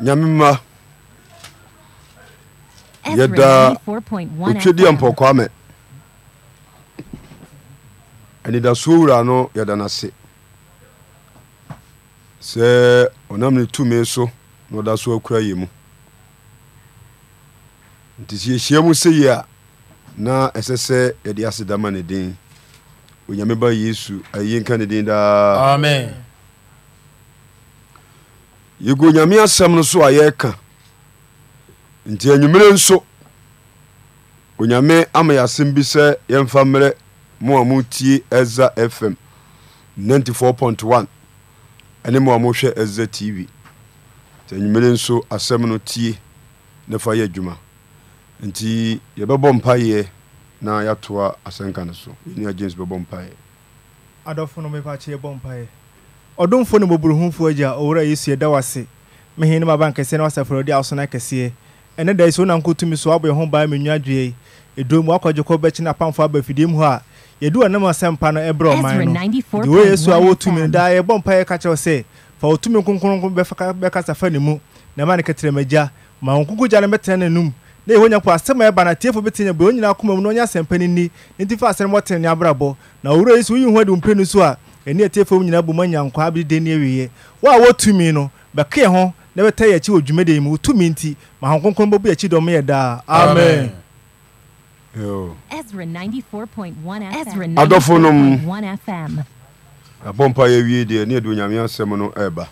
nyame mma yɛdaa otwadiɛ mpɔkwame anidasoɔ wura no yɛda no ase sɛ ɔnam ne tumi so na ɔda so akura yɛ mu nti sɛ yɛhyia mu sɛ yi a na ɛsɛ sɛ yɛde asedama ne den onyame ba yesu ayi ne din daa amen yɛgu onyame asɛm no so a yɛreka nti anwummere nso onyame ama yɛ asɛm bi sɛ yɛmfa mmerɛ mo a motie ɛza fm 94.1 ɛne mo a mohwɛ ɛza tv nti anwummere nso asɛm no tie ne fa yɛ adwuma nti yɛbɛbɔ mpaeɛ na yɛatoa asɛnka no so ɛnia james bɛbɔ mpaeɛ adɔfo no mepɛ akyɛ yɛbɔ ɔdomfo ne mmɔborɔhumfoɔ agya owura yesu ɛda wase mehe ne maba nkɛseɛ ne wasafrɛde awosona kɛseɛ ɛnɛ da yi sɛ wonanko tumi so wabɔ yɛ ho baa menwa adwee ɛduro mu wakɔgye kɔ bɛkye ne apamfo aba afidie mu hɔ a yɛdi wɔnam asɛmpa no ɛbrɛ ɔman no de wo yesu a wɔtumi no daa yɛbɔ mpa yɛka kyerɛw sɛ fa wo tumi nkronkronkron bɛkasa fa ne mu na ma ne kɛtrɛmagya ma wo nkoko gya no bɛtena n'anum na yɛhɔ nyankopɔ asɛm a ɛba na atiefoɔ bɛtena bɛ ɔnyinaa koma mu na ɔnyɛ asɛmpa no ni ne nti fa asɛm wɔtene ne abrabɔ na owura yesu woyi ho ade wo mprɛ no so a ɛne ɛte fam nyinaa bɔ mu anya nkwa abɛdede ne awieɛ wo a wɔtumi no bɛka ho na bɛtɛ yɛ akyi wɔ dwuma deɛ mu wotumi nti ma ahonkronkron bɛbu akyi dɔm yɛ daa amen adɔfo nom abɔmpa yɛwie deɛ ne yɛde onyame asɛm no ɛba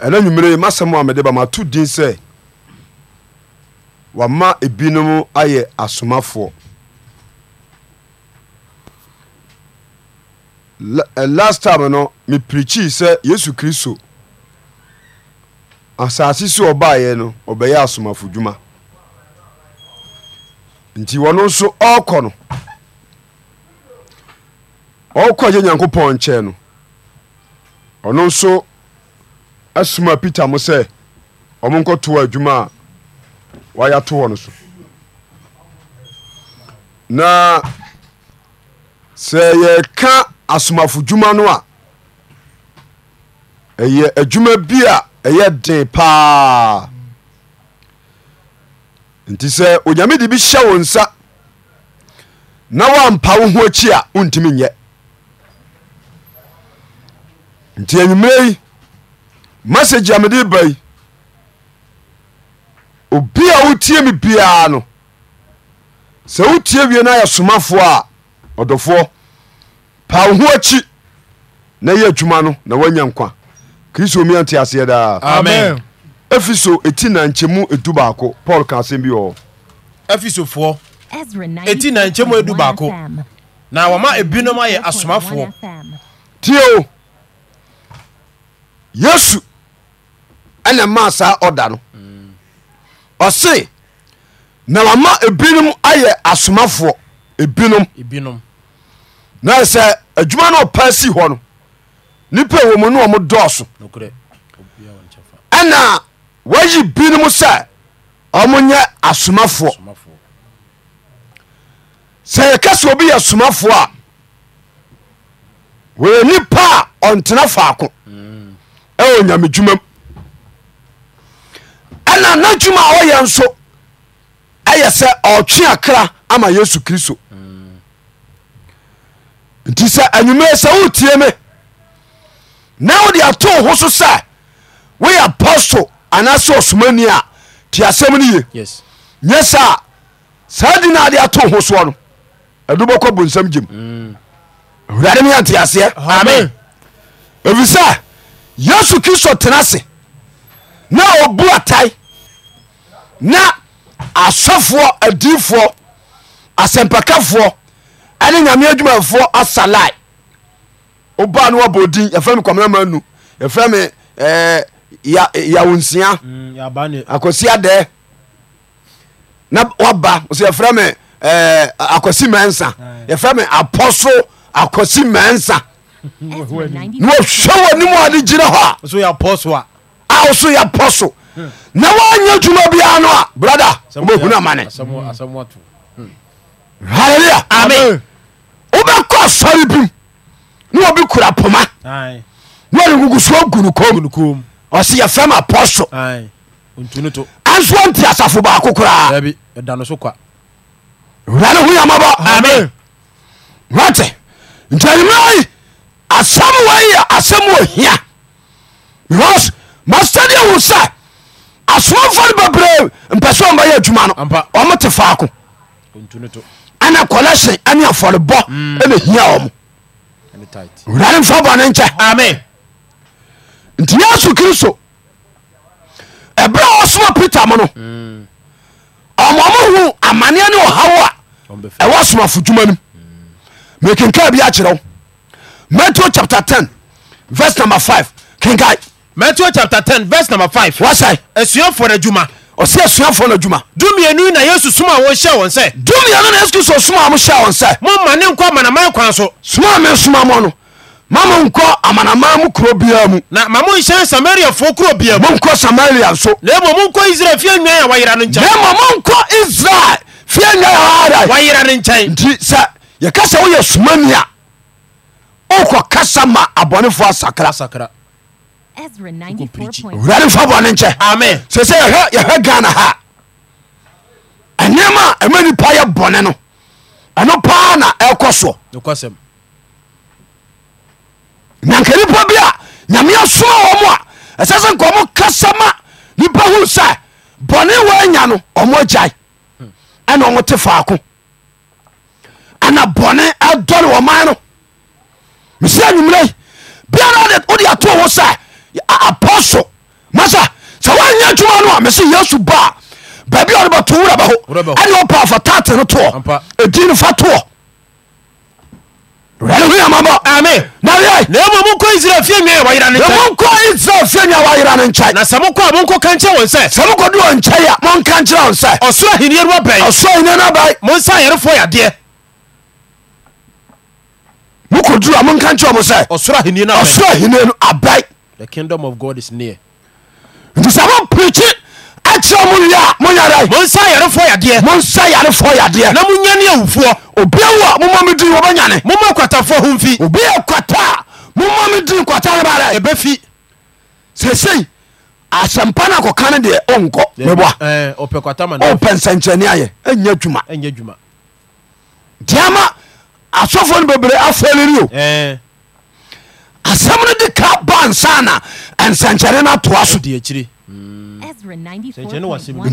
ɛna nwummere masɛm a mede ba mato din sɛ wama ebinom ayɛ asomafoɔ Eh, last time no mepirikyii sɛ yesu kristo asase so ɔbaeɛ no ɔbɛyɛ asomafo dwuma nti wɔno nso ɔrekɔ no ɔrekɔ agye nyankopɔn nkyɛn no ɔno nso asoma peter mo sɛ ɔmo nkɔtoɔ adwuma a wayɛ ato hɔ no so na sɛ yɛka asomafo dwuma no a ɛyɛ adwuma bi a ɛyɛ den paa nti sɛ onyame dibi hyɛ wo nsa na wɔampa wo ho akyi a wontim nyɛ nti anwummera yi masɛ gya mede y ba yi obi a wotie me biaa no sɛ wotie wie no ayɛ somafoɔ a ɔdɔfoɔ pa wo ho akyi na ɛyɛ adwuma no na woanya nkwa kristo miante aseɛ daa efeso ɛti nankyɛmu edu baako paul ka asɛm bi wɔ efesofoɔ ɛti nankyɛmu edu baako na wɔma ebinom ayɛ asomafoɔ tie o yesu ɛna maa saa ɔda no ɔse na wɔma ebinom ayɛ asomafoɔ ebinom na sɛ adwuma no si hɔ no nipa wɔmu no ɔmo dɔɔso ɛna wɔayi binom sɛ ɔmonyɛ asomafoɔ sɛ yɛkɛ obi yɛ a wɔyɛ nipa a ɔntena faako mm. ɛwɔ onyame dwuma m ɛna a ɔyɛ nso ɛyɛ sɛ ɔtwe ama yesu kristo nisɛ awum sɛ wotie me na wode atoo ho so sɛ woyɛ apostl anasɛ ɔsoma ni a tiasɛ m no ye yɛsɛa saadi nawade ato ho soɔno ɛdubɛkɔ bonsam gem mm. ae myantaseɛ efi sɛ yesu kristo tena ase na ɔbua ata na asɔfoɔ aifoɔsmpakafoɔ ɛne nyame adwumafoɔ asalai woba no wabɔ din yɛfrɛ me kwamerama nu yɛfrɛ me eh, yawo nsia mm, akwasi adɛ na waba so yɛfrɛ me eh, akwasi mansa yɛfrɛ me apɔso akwasi mansa na wɔhwɛ wɔ nim ade gyina hɔ a a wo so yɛpɔ so na woanyɛ adwuma biara no a brada wobɛhunu amane halleluya amen wobɛkɔ asɔre bim ne wɔbi kura poma ne wɔde nkukusuo gu no kom ɔse yɛfrɛ ma apɔso anso ɔnti asafo baako koraa wura ne ho yamabɔ wate nti anwumerɛyi asɛm wei yɛ asɛm wɔ hia because mastadeɛ wo sɛ asomafo no bebree mpɛ sɛ ɔmbɛyɛ adwuma no ɔmo te faako ana collection ane afɔrebɔ mm. ɛna hia wɔ mo wurade mfa bɔne Amen. nti yesu kristo ɛberɛ a ɔsoma peter mo no mm. ɔmɔmo hu amanneɛ ne ɔhaw a ɛwɔ somafo dwuma no m mm. mekenkaa bi akyerɛ wo matthew chapter 10 verse number 5 kenkae matthew chapter 10 verse number 5 wɔsɛe asuafoɔ no adwuma ɔsɛ asuafoɔ no adwuma in na yɛsu somawɔyɛ wɔsɛ nnɛiosmamsɛ wɔ sɛ momane kɔ amanamaka so soma me soma mɔ no mamo nkɔ amanama mo kurobiaa mu mmɛ samariafoɔmonkɔ samaria sosrlmmonkɔ israel fia ant sɛ yɛka sɛ woyɛ soma ni a wɔwkɔ kasa ma abɔnefoɔ asakrasakra fbɔn ɛsɛsɛ yɛhɛ ganaha ɛnoɛma manipa yɛ bɔne no ɛno paa na ɛkɔ soɔ nanka nipɔ bi a nyameɛ soa ɔ mo a ɛsɛ sɛ nka omo kasɛma nipahu sa bɔne waanya no ɔmo ayae ɛna ɔmo te faako ana bɔne ɛdɔre wɔma no mesi anwumunai bianawode atoo wo sa apostle masa sɛ woanyɛ adwuma no a mese yesu ba a baabi a ɔde bɛto wura bɛ ho ɛne ɔpa afa tate no toɔ ɛdi no fa toɔ ame na yɛ na mmom israel fie nwia wɔyera na sɛ mokɔ a monkɔ ka nkyerɛ wɔn sɛ sɛ mokɔdu wɔn nkyɛn a monka nkyerɛ wɔn sɛ ɔsoro ahenniɛ no abɛn ɔsoro ahenniɛ no abɛn monsa ayarefoɔ yadeɛ mokɔduru a monka nkyerɛ wɔn sɛ ɔsoro ahenniɛ no abɛn the kingdom of god is near nti sɛ mopirikyi akyerɛ mo wie a monyadae monsa yarefoɔ yadeɛ monsa yarefoɔ yadeɛ na monyane awufoɔ obiawu a momɔ medi wɔbɛnyane momɔ kwatafoɔ ho mfi obia kwata a momɔ medi kwata no bada ɛbɛfi sɛsei asɛmpa no akɔka no deɛ ɔnkɔ meboa eh, ɔpɛ nsɛnkyerɛne ayɛ ɛnyɛ Diama. deɛ ama asɔfoɔ no bebree afɔlerio asɛm no de ka ba nsana ansɛnkyɛne no atoa so deakyirnti mm. sɛ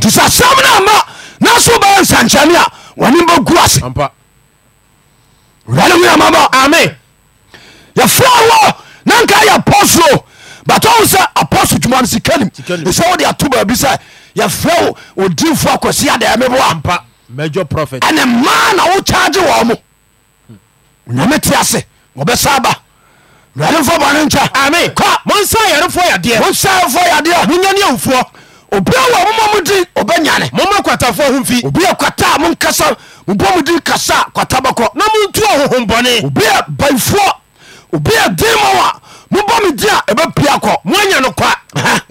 asɛm no ama ne sobɛ nsɛnkyɛne a nebagase a yɛfrɛ nkayɛ apost but sɛ apostle dwuano sika nsɛwobabisfrɛfo ks an ma na woae m hmm. wurade bɔne nkyɛ ame kɔ monsa ayarefoɔ yadeɛ monsa ayarefoɔ yadeɛ monya ne awufoɔ obi wɔ momɔ mu din ɔbɛnyane momma kwatafoɔ ho mfi obi kwata a monkasa mobɔ mu din kasa kwata bɛkɔ na montu ɔhohom bɔne obi baifoɔ obi a ma wɔ mobɔ me din a ɛbɛpia kɔ moanya no kwa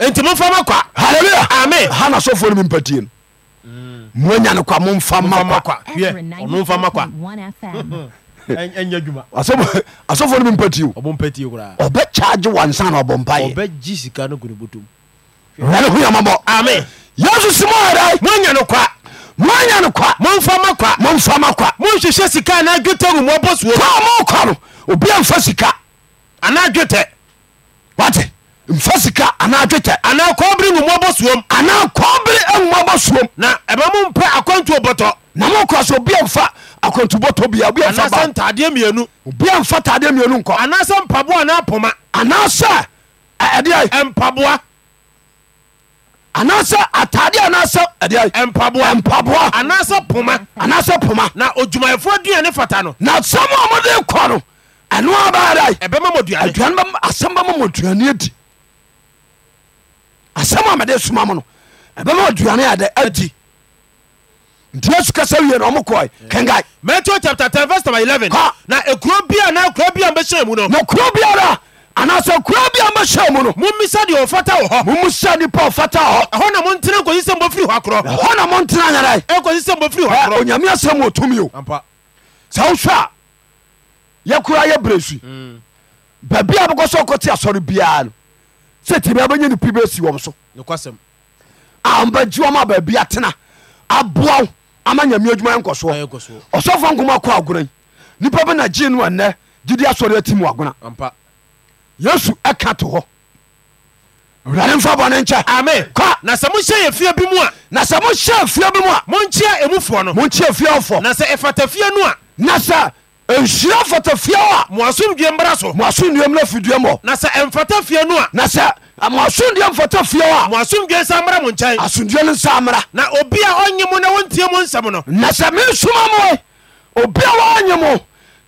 enti momfa ma kwa halleluya ame ha na sɔfoɔ no mempatie no mm. moanya no kwa momfa ma kwa ɔno mfa ma kwa ɛnyɛ adwuma asɔfo no mempatio ɔbɔmpatio koraa wansa na ɔbɔ yesu si no kwa moanya no kwa momfa kwa momfa kwa monhwehwɛ sika na dwetɛ wu mɔbɔ suo ka mokɔ no obia mfa sika anaa dwetɛ wate mfa sika anaa dwetɛ anaa kɔbere wu mɔbɔ suom anaa kɔbere awumɔbɔ suom na ɛma mompɛ akwantuo bɔtɔ na mokɔ so obia mfa akontubɔtɔ bia obi amfa ba ntaadeɛ mmienu obi amfa taadeɛ mmienu nkɔ anaasɛ mpaboa anaa poma anaasɛ ɛdeɛ mpaboa anaasɛ ataadeɛ anaasɛ ɛdeɛ mpaboa mpaboa anaasɛ poma anaasɛ poma na odwumayɛfoɔ duane fata no na sɛm a mode kɔ no ɛno abaadae ɛbɛma mɔ duane aduane asɛm bɛma mɔ duane adi asɛm a mede soma mo no ɛbɛma duane adi nti yesu kasa wie no ɔmo kɔe kenkae matthew chapter 10 verse 11 na ekuro bia na kuro bia mbɛhyɛ mu no na kuro biara anaasɛ kuro bia mbɛhyɛ mu no mommisa deɛ ɔfata wɔ hɔ mommisa nipa ɔfata hɔ ɛhɔ na montena nkɔsi sɛ mbɔfiri hɔ akorɔ ɛhɔ na montena nyɛrɛ ɛnkɔsi sɛ mbɔfiri hɔ akorɔ onyame asɛm wɔ o sɛ wohwɛ a yɛkora yɛ berɛ sui mm. baabi a bɛkɔ sɛ ɔkɔte asɔre biara no sɛ timi abɛnya ne pi bɛsi wɔm so ambagyi a baabi atena aboaw ama nyame adwuma nkɔ soɔ ɔsɔfoɔ nkoma kɔ agona nipa bɛ na gyee no ɛnɛ gyidi asɔre ati mu agona yesu ɛka to hɔ awurade mfa bɔne nkyɛ ame kɔ na sɛ mohyɛ yɛ fie bi mu a na sɛ mohyɛ fie bi mu a monkyea ɛmufoɔ no monkyea fie ɔfoɔ na sɛ ɛfata fie no a na sɛ ɛnhyire mfatafiɛɔ a mo asomdwa mbra so moasomduamna afi dua mɔ na sɛ ɛmfata fiɛ no a na sɛ moasomdua mfata fiɛɔ a moasomdwa sa mmra mo nkyɛn asomdua no nsa mmra na obi a ɔnye mo na wɔntie mu nsɛm no na sɛ mensoma moe obi a wɔnye mo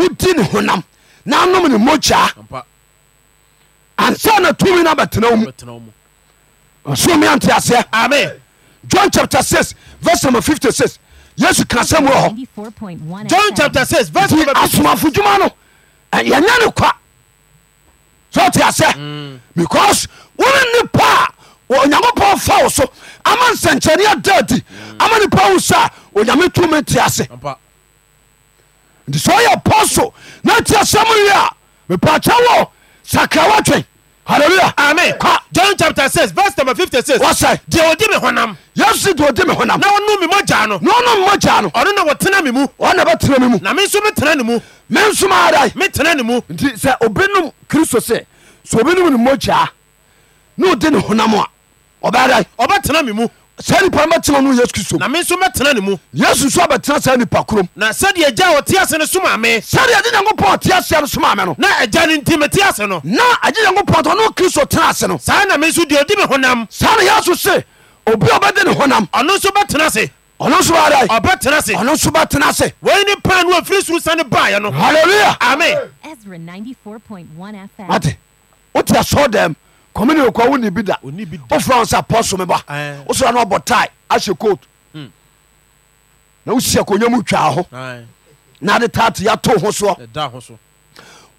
wodi ne honam naanomne maa ansɛnatminobɛtenawm neaeɛ jon cha656 yesu ka sɛmhɔasomafo dwuma no yɛnyɛ no kwa sote aseɛ mm. because wone nipa a onyankopɔn fa wo so ama nsɛnkyeɛnneadaadi mm. amanipa wo saa onyametome nte ase nti sɛ woyɛ apostle na ati asɛm yi a mepakyɛ wɔ sakrawa twen hallelujah amen kwa john chapter six verse number fifty six wɔsɛ deɛ ɔdi mi honam yesu deɛ ɔdi mi honam na ɔnu mi mɔgya no na ɔnu mi mɔgya no ɔno na wɔtena mi mu ɔna bɛtena mi mu na mi nso mi tena ne mu mi nso mi ada mi tena ne mu nti sɛ obi num kristo sɛ sɛ obi num ne mɔgya na ɔdi ne honam a ɔbɛ ada ɔbɛtena mi mu saa nipa no mɛtena no yesu kristo na me nso mɛtena ne mu yesu so abɛtena saa nipa korom na sɛdeɛ agya ɔte ase no soma me sɛdeɛ agye nyankopɔn ɔte aseɛ no soma me no na agya no nti mete ase no na agye nyankopɔn tɔ ne kristo tena ase no saa na me nso deɛ ɔdi me honam saa na yesu se obi a ɔbɛde ne honam ɔno nso bɛtena ase ɔno nso bɛ ada ɔbɛtena ase ɔno nso bɛtena ase wei ne pan no afiri soro sane baeɛ no halleluya kɔmini okɔ wo ni bi da o fura nsa pɔsɔmi ba o sɔrɔ anɔ bɔ taae ahyɛ coat hmm. na o sɛ konyamu twa ho na ade taate yato ho soɔ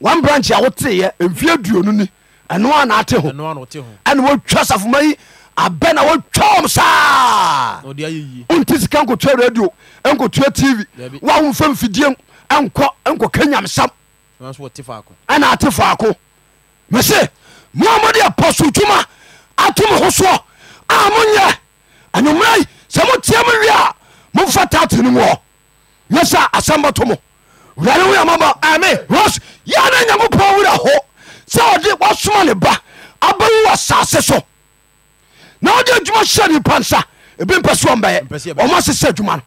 wɔn branch a woteeɛ mfie duonu ni ɛnoa na ate ho ɛna wotwa safoma yi abɛ na wotwa wɔm saa wonti sika nkotwa radio nkotwa tv wa womfa mfidie nkɔ nkɔka nyamsam ɛna ate faako mese moa mode apostle dwuma atom ho soɔ a monyɛ anwummerai sɛ moteɛ mo wie a momfa taate no mu hɔ nyɛ sɛ asɛm bɛto mo wurade ho yamabɔ ame ros yɛ ne nyankopɔn wura hɔ sɛ ɔde wasoma ne ba abɛwu wɔ asase so na ɔde adwuma hyɛ nipa nsa ebi mpɛ so ɔmbɛyɛ ɔma sesɛ adwuma no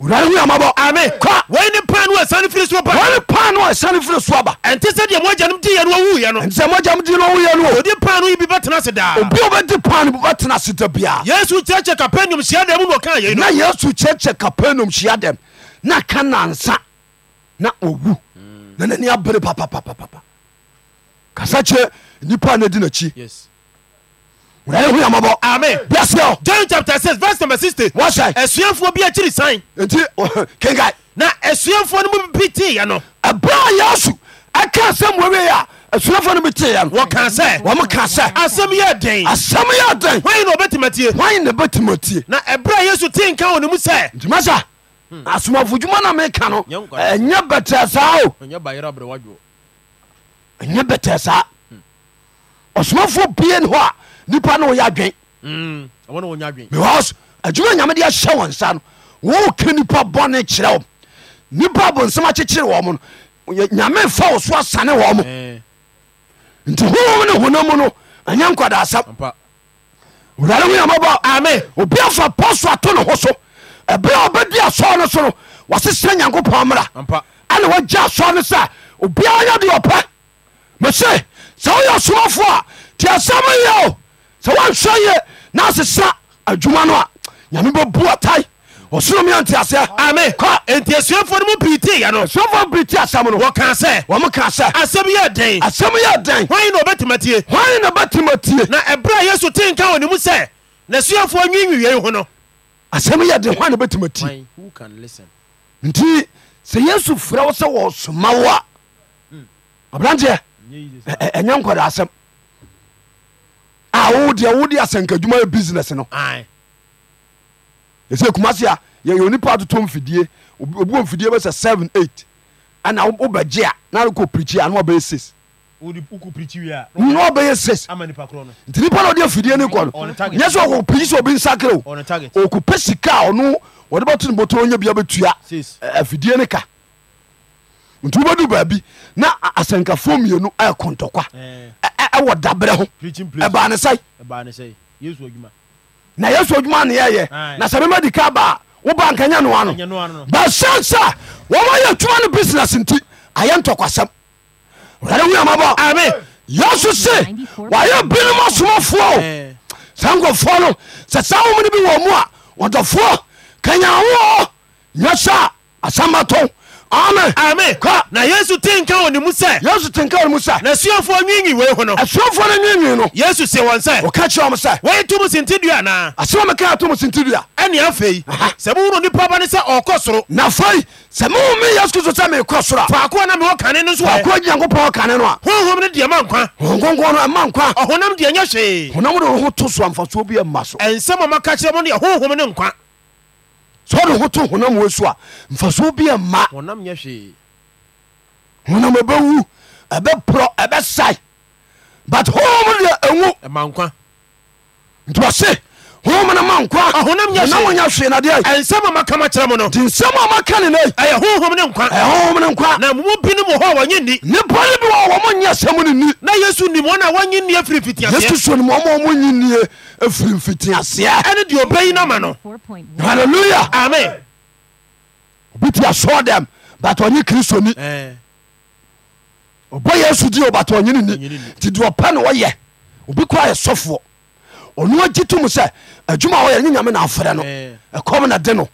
wmabɔ ame ka wei ne pa no asane firi so bane pa no asane firi so aba ɛnte sɛ deɛ moagyanom diiɛ no wawuiɛ no sɛ moagyam dii no wowuiɛ no ode pa no yi bi bɛtena ase daa obi wobɛdi pa no bi bɛtena ase da bia yesu kyerɛkyɛ kapernaum hyia dɛm mu na ɔka yei na yesu kyerɛkyɛ kapernaum hyia dɛm na ka nansa na ɔwu mm. na nani abere papapapapa kasa kyerɛ nipa a na di n'akyi wrɛhuyamɔbɔ john chapter 6 verse number 60 wɔhyɛ asuafoɔ bi akyiri san nti kenka na asuafoɔ no mu bi teeɛ no ɛberɛ a yɛasu ɛka asɛm wɔwei a asuafoɔ no bi teeɛ no wɔka sɛ wɔm ka sɛ asɛm yɛ den asɛm yɛ den hwan na ɔbɛtumi atie hwan na bɛtumi atie na ɛberɛ a yesu tee nka wɔ ne mu sɛ ntima sa asomafo dwuma na meka no ɛnyɛ bɛtɛ saa o ɛnyɛ bɛtɛ saa ɔsomafoɔ bie ne hɔ a nipa ne woyɛ mm, adwen because adwuma nyame de ahyɛ wɔ nsa no wɔwoka nipa bɔne kyerɛ wo nipa bonsɛm akyekyere wɔ mo no nyame fa wo so asane wɔ mo eh. nti hohom ne honam mu no ɛnyɛ nkɔdaasɛm wurade ho yamabɔ ame obia Obi pɔ so ato ne ho so ɛberɛ ɔbɛdi asɔre no so no wɔsesɛ nyankopɔn mmara ɛne wɔgya asɔre no sɛ obiara yɛ de ɔpɛ mese sɛ woyɛ somafoɔ a tiasɛm yɛ o sɛ woanhwɛ ye na asesa adwuma no a nyame bɛbua tae ɔsoromeante aseɛ ame enti asuafoɔ no mu pii teeɛ no asuafoɔ pii te asɛm no wɔka sɛ wɔm ka sɛ asɛm yɛ den asɛm yɛ den hwan na ɔbɛtima tie hwan na ɔbɛtima tie na ɛberɛ a yesu te nka wɔ ne mu sɛ n'asuafoɔ nwinwiwei ho no asɛm yɛ den hwan na ɔbɛtima tie nti sɛ yesu frɛ wo sɛ wɔsoma wo a ɔbranteɛ hmm. ɛnyɛ nkɔda asɛm awodeɛ wode asɛnkadwuma yɛ business no ɛsɛ kuma se a yɛyɛ onipa atotɔ mfidie obi wɔ mfidie bɛsɛ 7 8 ɛna wobɛgye a na wokɔ pirikyi a na wabɛyɛ 6 na ɔbɛyɛ 6 nti nipa na ɔde afidie no kɔ no nyɛ sɛ ɔkɔ pirikyi sɛ obi nsakere o ɔkɔpɛ sika a ɔno wɔde bɛto no bɔtɔ ɔnya bia bɛtua afidie no ka nti wobɛdu baabi na asɛnkafoɔ mmienu ɛyɛ kɔntɔkwa wdabrɛonesɛna yɛsu adwuma noɛyɛ na sɛ mɛmadika bawoba nkaya noano bɛsasɛ wɔma yɛ atwuma no business nti ayɛ ntokasɛm ewɛaayeso se yɛ binom somɔfoɔ sa nkfɔno sɛ sa womne bi wɔmu a ɔdɔfo kayawo yasa asamatɔn amen. ami kɔ. na yesu ti nka wɔ ne mu sɛ. yesu ti nka wɔ ne mu sɛ. na suafoɔ nyinyi wei ho no. asuafoɔ no nyinyi no. yesu se wɔn sɛ. o ka kyerɛ wɔn sɛ. wɔyɛ tumu sinti dua naa. asɛm mi ka yɛ tumu sinti dua. ɛni afei. sɛ mo wuro ni ba ni sɛ ɔkɔ soro. na fɔyi sɛ mo wun mi yesu so sɛ mi kɔ soro. faako na mi wɔ kane no so yɛ. faako jɛ nkopɔ kane no a. huhum ni diɛ ma nkwa. huhum no sɛ ɔde ho to honam wɔ su a mfasoɔ bi ma honam ɛbɛwu ɛbɛporɔ ɛbɛsae but hom deɛ ɛwu nti wɔse homana ma nkwa ahonam nya na wonya hwee nadeɛ ɛnsɛm a maka makyerɛ mu no nti nsɛm a maka ne ɛyɛ honhom ne nkwa ɛhonhom ne nkwa na mumu binom wɔ hɔ a wɔnye nni nipa no bi wɔ wɔ mo nyɛ sɛm no ni na yesu nim wɔn a wɔnye nni afiri mfitiaseɛ yesu so nim ɔma ɔmo nye nnie afiri mfitiaseɛ ɛne deɛ ɔbɛyi no ma no halleluya amen obi ti asɔɔ dɛm but ɔnye kristo ni ɔbɔ yesu di o but ɔnye ne ni nti deɛ ɔpɛ no wɔyɛ obi kɔ ayɛ sɔfoɔ ɔno agye tom sɛ adwuma wɔyɛ nye nyame na afrɛ no ɛkɔm na de no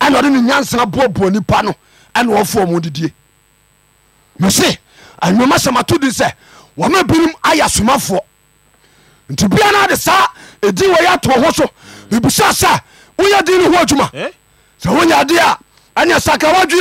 ɛna ɔde no nyansa boaboa nipa no ɛna wɔfoɔ mu didie mese anwoma sɛmato di sɛ wɔma binom ayɛ asomafoɔ nti bia no ade saa ɛdin wɔyɛ ato ho so bibisa sɛ woyɛ din no ho adwuma eh? sɛ wonya de a ɛne saka woadwe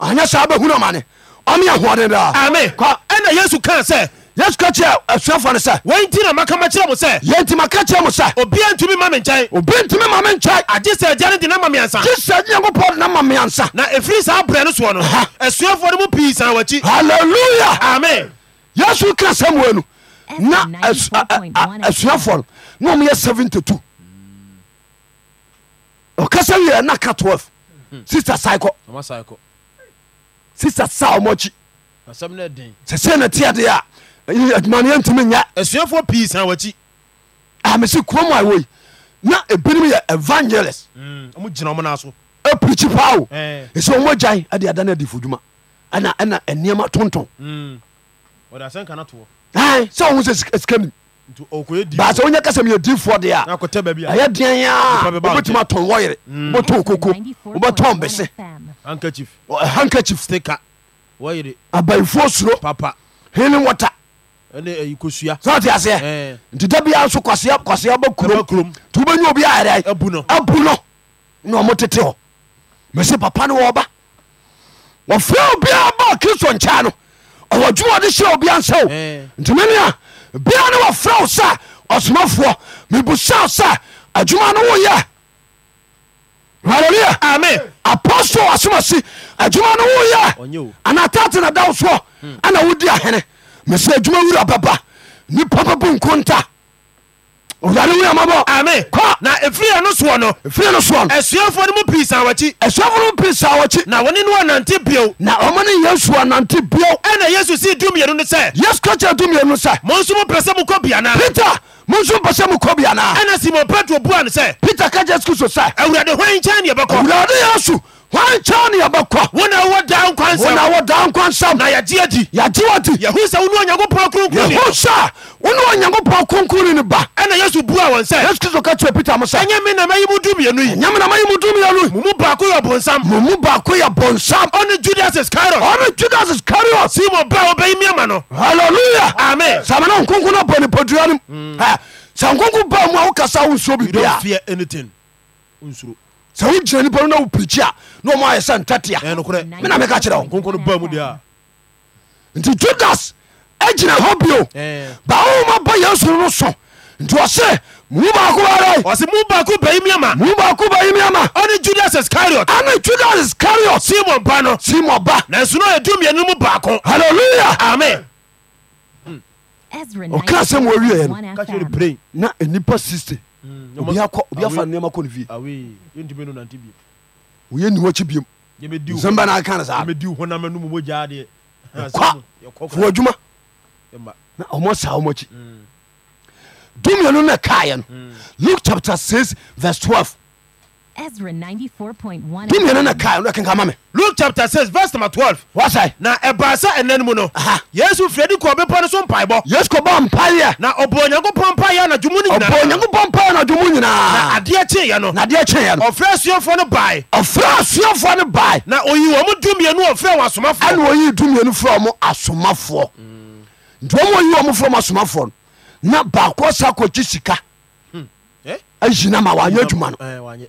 o anyɛ saa bɛhunu amane ɔmeyɛ hoɔden daa ɛna yesu kaa sɛ yesu ka kyerɛ asuafo no sɛ wɔn nti na maka makyerɛ mo sɛ yɛnti maka kyerɛ mo sɛ obiara ntumi ma me nkyɛn obi ntumi ma me nkyɛn agye sɛ agya no de na ma meansa gye sɛ nyankopɔn de na ma meansa na ɛfiri saa berɛ no soɔ no asuafoɔ no mu pii san wakyi halleluya amen yesu ka sɛ moa nu na asuafoɔ no na ɔmyɛ 72 ɔkasa wiɛ na ka 12 hmm. sister saikɔ sister sa ɔmɔkyi sɛsɛ na tiadeɛ a adwuma no yɛntimi nyɛ asuafoɔ pii san wakyi amese ah, kurom a wei na ebinom yɛ evangelist mm, ɔmo gyina ɔmo naa so apirikyi paa o ɛsɛ eh. ɔmo gyae ɛde adane adifo dwuma ɛna ɛna nneɛma tonton mm. ɔde asɛn kana toɔ ɛn sɛ ɔmo sɛ sika nim baasa onye kasa mi yɛ diifoɔ de a ɛyɛ diɛn ya obetuma tɔn wɔyere mm. obetɔn koko obetɔn bese handkerchief handkerchief sticker abayifoɔ suro healing water Eh, soteaseɛ nti da bia so kwasea ba kurom nti wobɛnya obi ayɛdɛ abu no na ɔmo tete hɔ mɛse papa no wɔba wɔfrɛ obiaa ba kristo nkyɛa no ɔwɔ dwuma ɔde hyerɛ obia nsa o nti menea bia ne wɔfrɛ wo sɛ ɔsomafoɔ mebusa sɛ adwuma no woyɛ hallelujah amen apostle asomasi adwuma no woyɛ anaa tate na da wo soɔ ana hmm. wodi ahene mese adwuma wura baba nipa bɛbo nko nta owurade wura mabɔ ame na ɛfiri ɛno soɔ no ɛfiri no soɔ no asuafoɔ no mu pii sa wɔkyi asuafoɔ no mu pii sa wɔkyi na wɔne no anante bio na ɔmo ne yesu anante bio ɛna yesu sii dumienu no sɛ yesu ka kyerɛ dumienu no sɛ mo nso mopɛ sɛ mokɔ bia naa peter monso mpɛ sɛ mokɔ bia naa ɛna simon petro bua no sɛ peter ka kyerɛ sikristo sɛ awurade hwan nkyɛn ne yɛbɛkɔ awurade yesu wankyɛ ne yɛbɛkɔ wona wɔ daa nkwansɛm wona wone onyankopɔn kronkron wone onyankopɔn kronkron ne ba ɛna yesu bua wɔn sɛ yesu kristo ka kyerɛ peter mo sɛ ɛnyɛ me na mayi mu dumienu yi ɛnyɛ na mayi mu dumienu mumu baako yɛ bonsam mumu baako yɛ bonsam ɔne judas iscariot ɔne judas iscariot simon bra wɔbɛyi miama no halleluya amen samana nkonkon abɔ nipadua no mm. sɛ nkonko ba mu a wokasa wo nsuo bibia sɛ wogyina nipa no na wopirikyi a na ɔma ayɛ sɛ ntatea mena meka kyerɛ wo nti judas agyina hɔ bio ba wowoma bɔ yesu no so nti ɔse mu baako baara ɔse mu baako bɛyi miama mu baako bɛyi miama ɔne judas iscariot ɔne judas iscariot simon ba no simon ba nanso na ɛdu mmienu mu baako halleluya amen hmm. ɔka sɛ mu ɔwieɛ no na nnipa siste obiaa nnoɛma kɔ no fie woyɛ nuhɔ kyi biamsɛmba no akana saɔfoɔ adwumahomɔ sa wo macyi dumianu no ɛkar yɛ no luk char 6:v12 Ezra 94.1. bimienu na ka ɛkenka ma me luke chapter 6 verse number twelve. 12 wɔsɛe na ɛbaa sɛ ɛnɛ no mu no yesu firidi kɔɔ bepɔ no so mpaebɔ yesu kɔbɔ mpaeɛ na ɔbɔ onyankopɔn mpaeɛ na mu no nyinaa onyankopɔn mpaeɛ anadwo mu nyinaa na adeɛ kyeeɛ no na adeɛ kyeeɛ no ɔfrɛ asuafoɔ no bae ɔfrɛ asuafoɔ no bae na oyi wɔ mo dumienu ɔfrɛ wɔn asomafoɔ ɛna oyi dumienu frɛ mo asomafoɔ hmm. nti wɔn oyi wɔ mo frɛ mo asomafoɔ na baako sa kɔkye sika hmm. eh? ayi na ma wanyɛ adwuma no eh,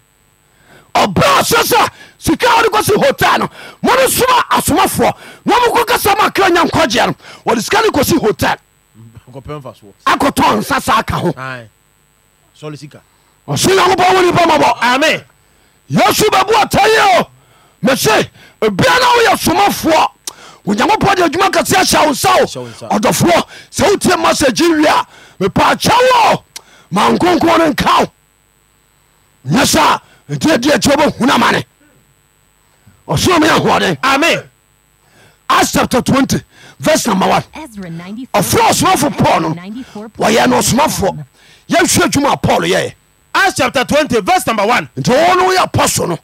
obrasesa sika eksi hotel o monsma asomafɔ asakyak skaksi telktɔ sasakahoskpɔas babaames oyɛ safyakpssakakokays nti ɛdi akyirɛ hun amane ɔsoro me ahoɔden amen acts chapter 20 verse number 1 ɔfrɛ ɔsomafo paul no wɔyɛ no ɔsomafoɔ yɛhwɛ adwuma paul yɛɛ acts chapter 20 verse number 1 nti ɔwɔ no woyɛ apɔso no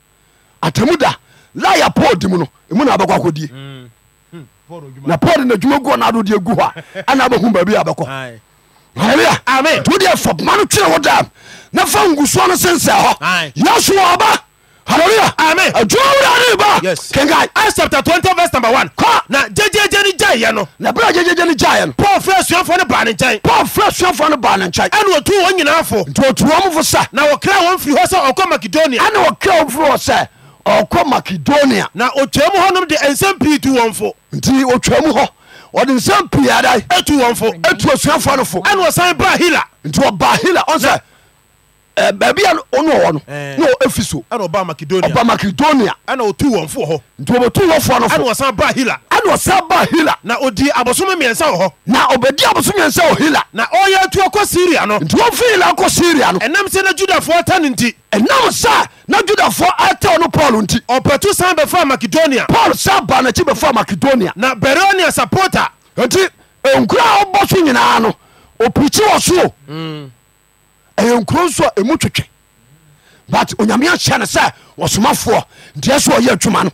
atamu da laya paul di mu no ɛmu na abɛkɔ akɔdie na paul de n'adwuma gu ɔnaado deɛ gu hɔ a ana abɛhu baabi abɛkɔ hallelujah amen to deɛ fɔpoma no twerɛ wo daa na fa nkusuo no sensɛ hɔ yaso wɔ ɔba hallelujah amen aduwa wura ne ba yes kenkai acts chapter twenty verse number one kɔ na jejeje ni jai yɛ no na bere a jejeje ni jai yɛ no paul filɛ suafo ne baa ne nkyɛn paul filɛ suafo ne baa ne nkyɛn ɛna otu wɔn nyinaa fo nti otu wɔn fo sa na wɔkira wɔn firi hɔ sɛ ɔkɔ makedonia ɛna wɔkira wɔn firi hɔ sɛ ɔkɔ makedonia na otwa mu hɔ nom de nsɛm pii tu wɔn fo nti otwa mu hɔ wɔde nsɛm pii ada etu wɔn fo etu osuafo no fo ɛna wɔsan baa hila nti wɔbaa hila ɔn Eh, baabi a ɔnu ɔwɔ no eh. na ɔfi so ɛna ɔba makedonia ɔba makedonia ɛna ɔtu wɔn fo hɔ nti ɔbɛtu wɔn fo no fo ɛna ɔsan ba hila ɛna ɔsan ba hila na ɔdi abosom mmiɛnsa wɔ hɔ na ɔbɛdi abosom mmiɛnsa wɔ hila na ɔyɛ etu ɔkɔ syria no nti ɔfi hila ɔkɔ syria no ɛnam sɛ na judafoɔ ta ne nti ɛnam sɛ na judafoɔ ɛtɛ ɔno paul nti ɔpɛtu san bɛfa makedonia paul san ba n'akyi bɛfa makedonia na beronia sapota nti nkura a ɔbɔ so nyinaa no ɔpirikyi wɔ so mm ɛyɛ nkuro nso a ɛmu twetwe but onyame ahyɛ no sɛ wɔsomafoɔ nteɛ so ɔyɛ adwuma no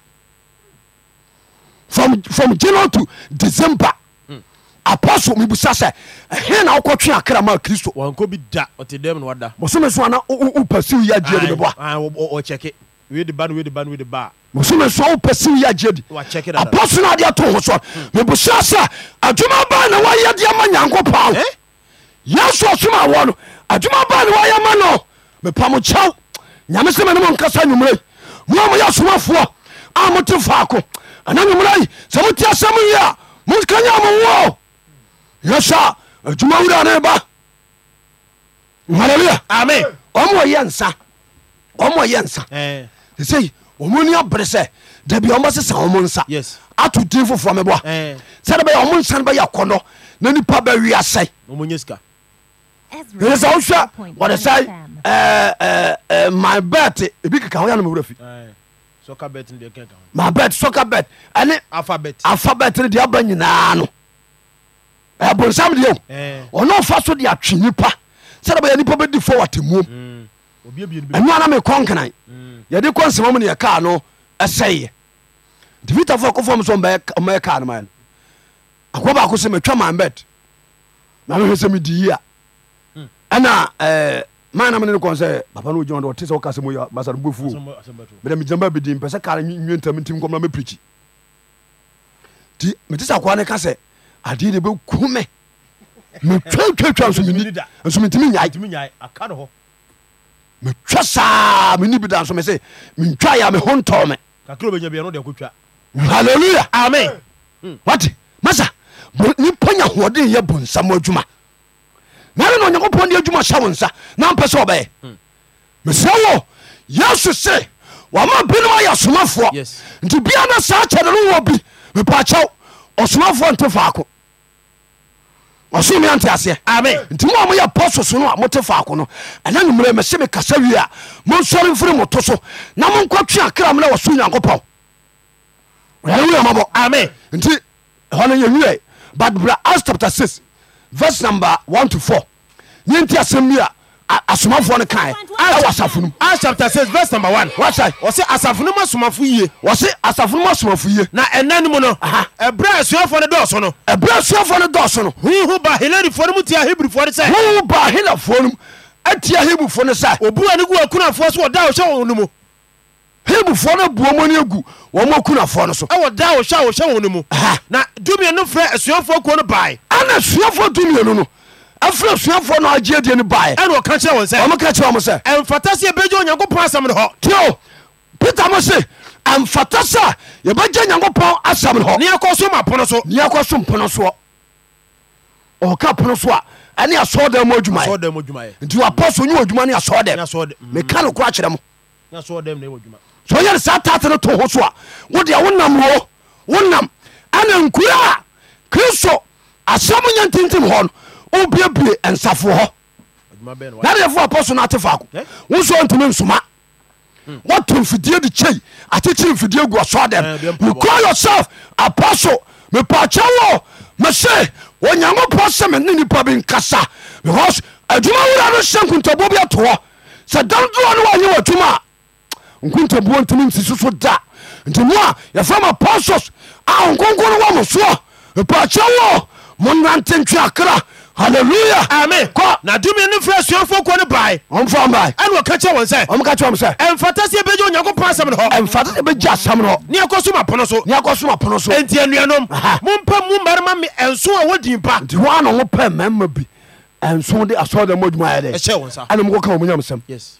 from january to december hmm. apostle mebusa sɛ ɛhe na wokɔtwe akra ma kristo bosome so ana wopɛ siw yɛ agyeɛ de bɛboa bosome so wopɛ siw yɛ agyeɛ di apostle no adeɛ to ho so mebusa hmm. sɛ adwuma ba na wayɛ deɛ ma nyankopɔn eh? yɛso ɔsom awɔ no adwuma ba ni wɔyɛ ma no mepamo kyɛw nyame sɛ mene mo nkasa nwummerɛi moa moyɛ asomafoɔ a mote faako ɛna nwummerɛi sɛ mote asɛm yi a mokanya mo wo yɛ sɛ adwuma wura ne ba hallelujah amen ɔmo yɛ nsa ɔmo yɛ nsa sɛsɛyi ɔmo ni abere sɛ dabi ɔmo sesa ɔmo nsa ato din foforɔ mɛboa sɛde bɛyɛ ɔmo nsa no bɛyɛ akɔnɔ na nipa bɛwi asɛe ɛsɛ sɛ wohwɛ wɔde sɛ my bet ebi keka woyɛ no mawura fi eh, my bet soccer bet ɛne alphabet no deɛ aba nyinaa no ɛbonsam eh, deɛ eh. o ɔne ɔfa so de atwe nipa sɛde bɛyɛ nipa bɛdi fo watemuom hmm. ɛno ana mekɔ nkena yɛde kɔ nsɛma mu ne yɛkaa no ɛsɛeɛ nti fitafoɔ kɔfɔm so ɔmɛyɛ kaa no maɛ no akɔ baako sɛ matwa my na mehwɛ sɛ medi a ana manamnammetsa koakasɛ de kum mewaawasmetimi y metwa sa mene bidasos mewa yamehotmeallasa ni paya hodeya bonsam ajwuma nane na onyankopɔn ne adwuma hyɛ wo nsa na mpɛ sɛ ɔbɛyɛ hmm. mesɛ wo yesu se wama binom ayɛ asomafoɔ nti bia na saa kyɛne no wɔ bi mepaakyɛw ɔsomafoɔ nte faako ɔsomeante aseɛ nti mo a moyɛ pɔso so no a mote faako no ɛna nummerɛ mɛse mekasa wie a monsɔre mfiri mo to so na monkɔtwe akra m na wɔso nyankopɔn ɔyɛ wiyamabɔ nti hɔ no yɛwie but bra as chapter 6 Verse number one to four yẹnti asẹm bi a asomafoɔ no kan ɛwɔ asafo no mu. Acts chapter six verse number one. wasa wɔsi asafo no mu asomafo yie. wɔsi asafo asomafo yie. na ɛnna no mu no. ɛbrɛ asuafoɔ no dɔɔso no. ɛbrɛ asuafoɔ no dɔɔso no. huhu ba hilarifoɔ no mu tia hebrefoɔ no sɛ. huhu ba hilarifoɔ no mu etia hebrefoɔ no sɛ. obu ani gu akunafoɔ so wɔda ɔhyɛ wɔn no mu hebrifoɔ no abua mɔne agu wɔma kunafoɔ no so ɛwɔ da wɔhyɛ a wɔhyɛ wɔ no mu na dumienu frɛ asuafoɔ kuo no bae ana asuafoɔ dumienu no ɛfrɛ asuafoɔ no agye adiɛ no bae ɛne ɔka kyerɛ wɔn sɛ ɔmo ka kyerɛ wɔn sɛ ɛmfata sɛ yɛbɛgya onyankopɔn asɛm no hɔ tio peter mo se ɛmfata sɛ yɛbɛgya nyankopɔn asɛm no hɔ ne yɛkɔ so ma pono so ne yɛkɔ so mpono soɔ ɔka pono so a ɛne asɔɔdɛm mu adwuma nti wapɔ so nyɛ adwuma ne asɔɔdɛm meka no kora kyerɛ mo mm so yɛre saa tate no to ho so a wodeɛ wonam o wonam ana nkura a kristo asɛm nya ntintim hɔ no wobiebie nsafoɔ hɔ nadeɛfo apɔso no ate faako eh? wonso ntumi nsoma hmm. wato mfidie de kyei akyekyere mfidie gu asɔ dɛm eh, you call yourself apostle mepakyɛ wɔ mese onyankopɔn sɛ me ne nipa bi nkasa because adwuma wura no hyɛ nkuntabɔ bi atoɔ sɛ dam doɔ no wanyɛ w'adwuma nkontabuo ntimi nsisu so da nti mo a yɛfrɛ ma pastors a nkonko no wɔ mo soɔ ɛpaakyɛ wɔ monnante ntwe akra hallelujah amen kɔ na dumi ne fira suafo kɔ ne bae ɔmfa mbae ɛne ɔka kyerɛ wɔn sɛ ɔmka kyerɛ wɔn sɛ ɛmfata sɛ ɛbɛgya onyankopɔn asɛm ne hɔ ɛmfata sɛ ɛbɛgya asɛm ne hɔ ne ɛkɔ so mapono so ne ɛkɔ so mapono so enti anuanom mompa mu mmarima me ɛnso a wɔdin pa nti wɔa na wopɛ mmarima bi ɛnso de asɔre dɛ mɔ adwuma yɛ dɛ ɛhyɛ wɔn sa ɛne mokɔka wɔ monyam sɛm yes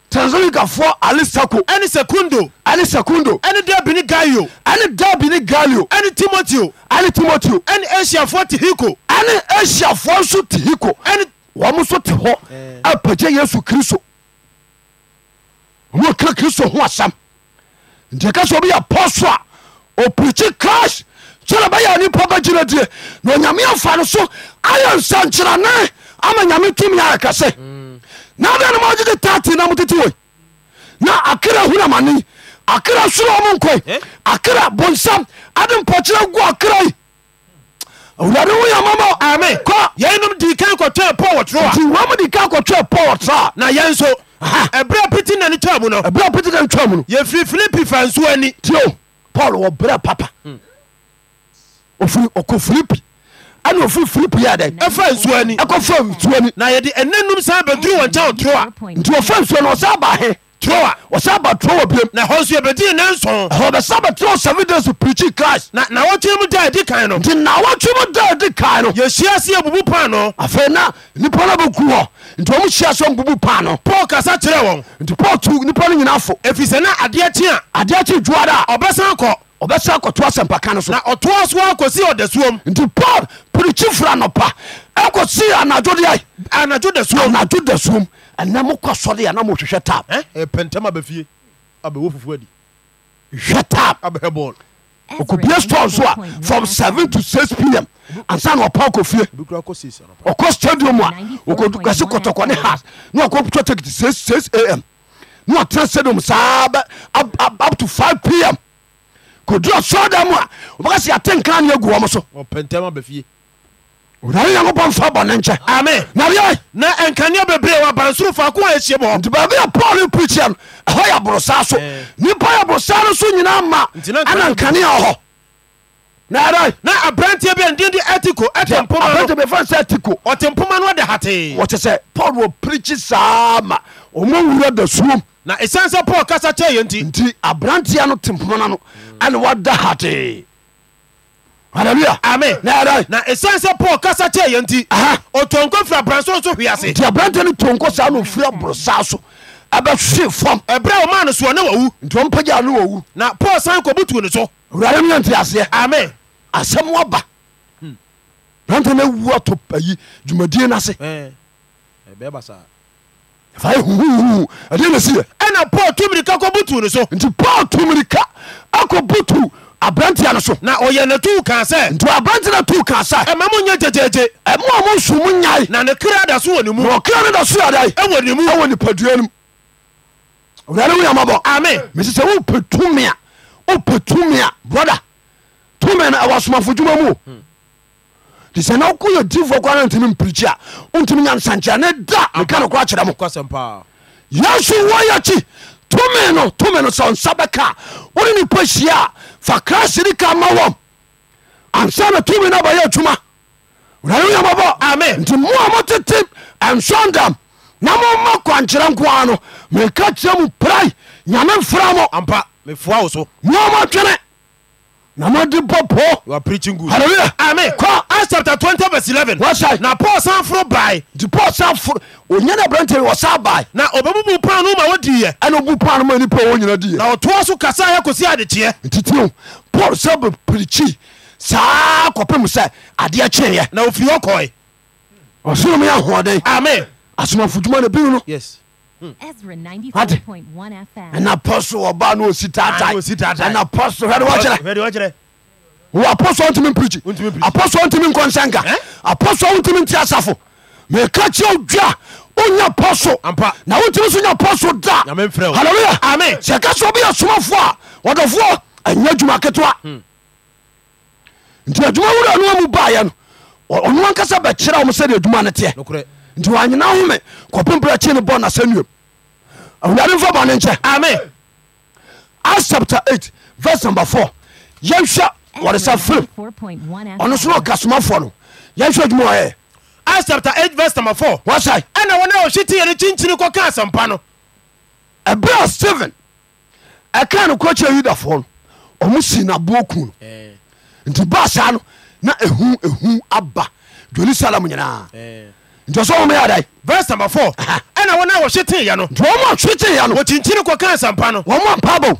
tanzanikafoɔ ale sako ɛne sekundo ɛne sekundo ɛne dabini galio ɛne dabini galio ɛne timoteo ɛne timoteo ɛne asiafoɔ tehiko ɛne asiafoɔ nso tehiko ɛne wɔn nso te hɔ apagya yesu kristo wɔn kira kristo ho asam nti ɛka sɛ obi yɛ pɔso a opirikyi crash sɛdeɛ bɛyɛ nipa bɛgyina die na onyame afa no so ayɛ nsɛnkyerɛnne ama nyame tumi ayɛ kɛse. Mm na da ne magyegye tate na motete wei na akra hura mane akra soro mo nkoi eh? akra bonsam ade mpɔkyerɛ gu akrai awurade wo yamama ame kɔ yɛnom dii kan kɔtwɛ pɔ wɔtoro nti wɔm di kan kɔtwɛ pɔ wɔtoro a na yɛn so. ɛberɛ pete na ne twa mu no ɛberɛ pete na ne twa mu no yɛfiri filipi fa nsuo ani tio paul wɔ berɛ papa ɔfiri hmm. ɔkɔ filipi ɛna ofiri filipi yɛ dɛ. ɛfa nsuo ni. ɛkɔ fa nsuo ni. na yɛde ɛnanum san abɛduru wɔn nkyɛn ɔturo a. nti wɔfa nsuo no ɔsan ba he. turo a ɔsan ba turo wɔ biem. na hɔ nso yɛbɛdi nanson. ɛhɔ bɛsan ba turo seven days to preach christ. na na wɔtwe mu da edi kan no. nti na wɔtwe mu da edi kan no. yɛhyia se abubu pan no. afei na nipa na bɛ ku hɔ nti wɔn hyia se abubu pan no. paul kasa kyerɛ wɔn. nti paul tu nipa no nyinaa fo. efisɛ na adeɛ kye a. adeɛ kye ɔbɛsa akɔtoa asɛmpa ka no so na ɔtoa so akɔsi ɔdasuom nti paul pirikyi fira nɔpa ɛkɔsi anadwo deɛ anadwo dasuom anadwo dasuom ɛnɛ mokɔ sɔre a na mohwehwɛ tab eh, eh, pɛntɛm abɛfie abɛwɔ fufu adi hwɛ tab abɛhɛ bɔɔl okobie store so a from seven to six pm ansa na ɔpa okɔfie ɔkɔ stadium a ɔkɔse kɔtɔkɔne has na ɔkɔtwa six six am na ɔtena stadium saa up to five pm koduro soo da mu a obɛka sɛ yɛate nkra ne agu wɔ m so ɔdade nyankopɔn mfa bɔne nkyɛ ame nadeɛ na ɛnkanea bebree wɔ abansoro faako a ɛhyie bɔ hɔ nti baabi a paul prekyia no ɛhɔ yɛ aborosaa so nipa yɛ aborosaa no so nyinaa ma ana nkanea hɔ nada na aberanteɛ bi a ndin de atiko ɛte mpoma no bɛfa sɛ atiko ɔte mpoma no ɔde hatee wɔte sɛ paul wɔ prikyi saa ma ɔma wura da suom na ɛsiane sɛ paul kasa kyɛɛ yɛ nti nti aberanteɛ no te mpoma no ɛne wada hatee hallelujah amen na yɛrɛ na esan sɛ paul kasa kyɛ yɛn ti otonko fira branson so hwi ase. di abirante ni tonko saa n'o fila burusa so ɛbɛ si fam. ɛbɛrɛ o maa ni ne wa wu. nti o mpagya ne wa wu. na paul san kɔ butu ne so. wurare mi yan ti aseɛ. amen asɛm wa ba hmm. abirante ne wu ato ayi na se. ɛɛ ɛbɛɛ ba saa ɛdɛnɛsiyɛ ɛna paul to mirika butu no so nti paul to mirika akɔbotu abrantia no so na ɔyɛ ne too kaa sɛ nti abrante no too kaa sɛ ɛma mo nyɛ gyegyegye ɛmoa mo nso mo nyae na ne kra da so wɔ ne mu ɔkra no da so adae ɛwɔ ne mu ɛwɔ nipadua no mu ɔwurade wo yamabɔ amen mesi sɛ wopɛ tumi a wopɛ tumi a brɔda tumi no ɛwɔ asomafo dwuma mu o sɛna wokɔyɛ difoɔ koa no ntimi mpirikyi a wontimi nya nsankyerɛne da meka no kora kyerɛ mo yesu wɔyɛ kyi tumi no tumi no sɛ nsa bɛka wone nipa hyia a fa kra sirika ma wɔm ansa na tumi no abɛyɛ adwuma wreyamabɔ nti moa motete ɛnsɔndam na momma kwankyerɛ nkoa no meka kyerɛ mu prai nyame mfra mɔ moa mɔtwene na mode bɔ poo acts chapter twenty verse eleven. wọ́n ṣe. na paul san foro baayi. nti paul san foro onye na abirante wọ san baayi. na ọbẹ̀bubu paanu ma wọ́n di yẹ. ẹni o bu paanu ma nipa wọn nyina di yẹ. na ọtọ́ so kasa yẹ kò sí adekyeɛ. ntutu o paul sábà pirikyi saa kọpem sẹ adeɛ kyen yɛ. na òfin ọkọ yi. ọsùn mi yà hùwàdẹ. amen. asomafo juma na bi nu. yes. ati ɛna pɔso ɔbaa n'osi taata ɛna pɔso hɛri wɔkyerɛ aposo ntimi prigi aposo ntimi nkonsenka eh? aposo wontimi ti asafo meka kyia odwa onya poso na wontimi so nya poso da halleluya sɛ ɛka sɛ wobɛyɛ somafo a wɔdɔfoɔ anya adwuma ketewa hmm. nti adwuma wura noa mu baeɛ no ɔno ankasa bɛkyerɛ wom sɛde adwuma no teɛ nti wanyena home kɔpempra kyi no bɔ nasa nuam awurade mfa bɔne nkyɛ ame as chapter eight verse number 4 yɛhwɛ wɔde sɛ film ɔno so ɔka somafoɔ no yɛhwɛ adwuma ɔyɛ acts chapter eight verse number four. wɔsae ɛna wɔn a wɔhye teɛ no kyinkyin kɔ ka asɛmpa no. ɛberɛ a stephen ɛkaa no kɔkyerɛ yudafoɔ no ɔmo sii naboɔ ku no nti baa saa no na ehu ehu aba jerusalem nyinaa nti ɔsɛ wɔn yɛ adae. verse number four ɛna wɔn a wɔhye teɛ no. nti wɔn a wɔhye teɛ no. wɔkyinkyin kɔ ka asɛmpa no. wɔn a mpaabɔ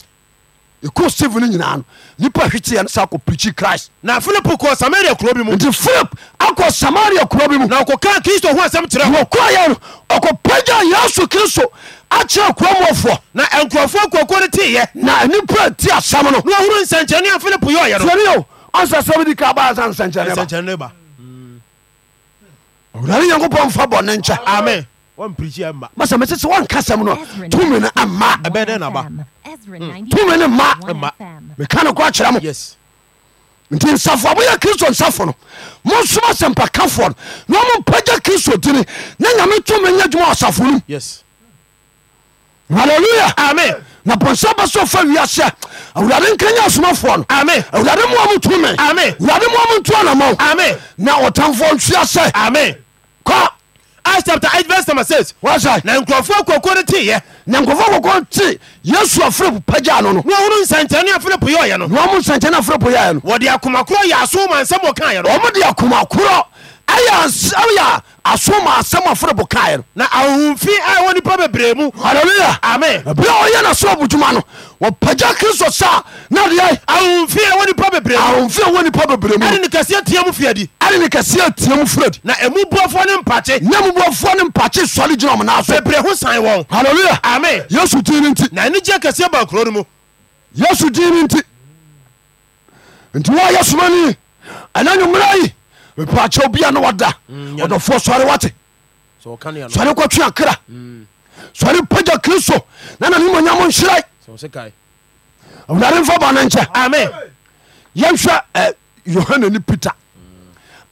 ɛko steve no nyinaa no nipa hweteɛ no sa akɔ prikyi christ na philip kɔ samaria kuro bi mu nti philip akɔ samaria kuro bi mu na ɔkɔka kristo ho asɛm kyerɛ wɔkɔyɛ no ɔkɔpagya yesu kristo akyerɛ kuromɔfoɔ na nkurɔfoɔ kuokuo no teeɛ na nipa ti asɛm no na ɔhoro nsɛnkyerɛne a philip yɛ ɔyɛ no sɛne o ɔnsa sɛm di ka baa sa nsɛnkyerɛne ba owurade nyankopɔn mfa bɔne nkyɛ amen masa mesɛ sɛ wɔnka sɛm no tumi no ama ɛbɛdɛ naba Mm. tumi ne ma meka ne ko akyerɛ mo nti nsafo a moyɛ kristo nsafo no monsoma sɛmpa kafoɔ no na ɔmompagya kristo dini na nyame tumi nyɛ dwuma ɔsafo nom hallelujah amen na bɔnsa bɛ sɔ fa wiase awurade nka nyɛ asomafoɔ no amen awurade mmoa mo tumi amen awurade mmoa mo ntu anamaw amen na ɔtamfoɔ nsua sɛ amen kɔ acts chapter eight verse number six. wáṣà na nkurɔfoɔ koko no teeɛ. na nkurɔfoɔ koko te yesu afiripu pagya ano no. ní ɔmo nsɛnkyɛnni afiripu yɛ ɔyɛ no. ní ɔmo nsɛnkyɛnni afiripu yɛ ɔyɛ no. wɔde akumakoro yɛ aso ma nsɛm wɔ kan yɛ no. ɔmo de akumakoro ɛyɛ asoma asɛm aforebo kaɛ no na ahomfi a ɛwɔ nipa bebree mu halleluya amen bia ɔyɛ na soabo dwuma no wɔpagya kristo sa na deɛ ahomfi a ɛwɔ nipa bebree ahomfi a ɛwɔ nipa bebree mu ɛne ne kɛseɛ tia mu fiadi ɛne ne kɛseɛ tia mu firadi na ɛmubuafoɔ ne mpakye na ɛmubuafoɔ ne mpakye sɔre gyina ɔmo naaso bebree ho san wɔn halleluya amen yesu din no nti na anigye kɛseɛ ba nkuro no mu yesu din no nti nti wɔyɛ somani ɛna nwummerɛ yi mepakyɛ obia na wada mm, ɔdɔfoɔ sɔre wate sɔre kɔtwea kra mm. sɔre pagya kristo na nanemonyamo nhyerae awurade mfa bɔne nkyɛ amen yɛnhwɛ eh, yohane ne peter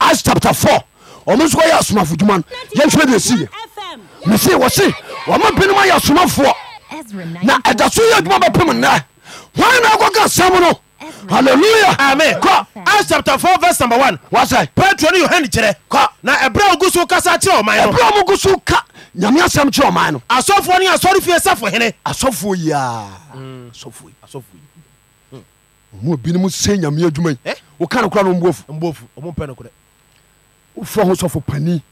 acts chapter 4 ɔmo nso kɔyɛ asomafo dwuma no yɛnhwɛ deɛ ɛsiiɛ mese wɔ se wɔma binom ayɛ asomafoɔ na ɛda so yɛ adwuma bɛpem nnɛ hwan na ɛkɔka sɛm no hallelujah amen kɔ acts chapter four verse number one wasɛ petro ne yohane kyerɛ kɔ na ɛberɛ a ogu so kasa kyerɛ ɔman no ɛberɛ a mogu so ka nyame asɛm kyerɛ ɔman no asɔfoɔ ne asɔre fie safo hene asɔfoɔ yi a hmm. asɔfoɔ yi hmm. ɔmo binom se nyame adwuma yi eh? woka no kora no ɔmboafu wofrɛ ho sɔfo pani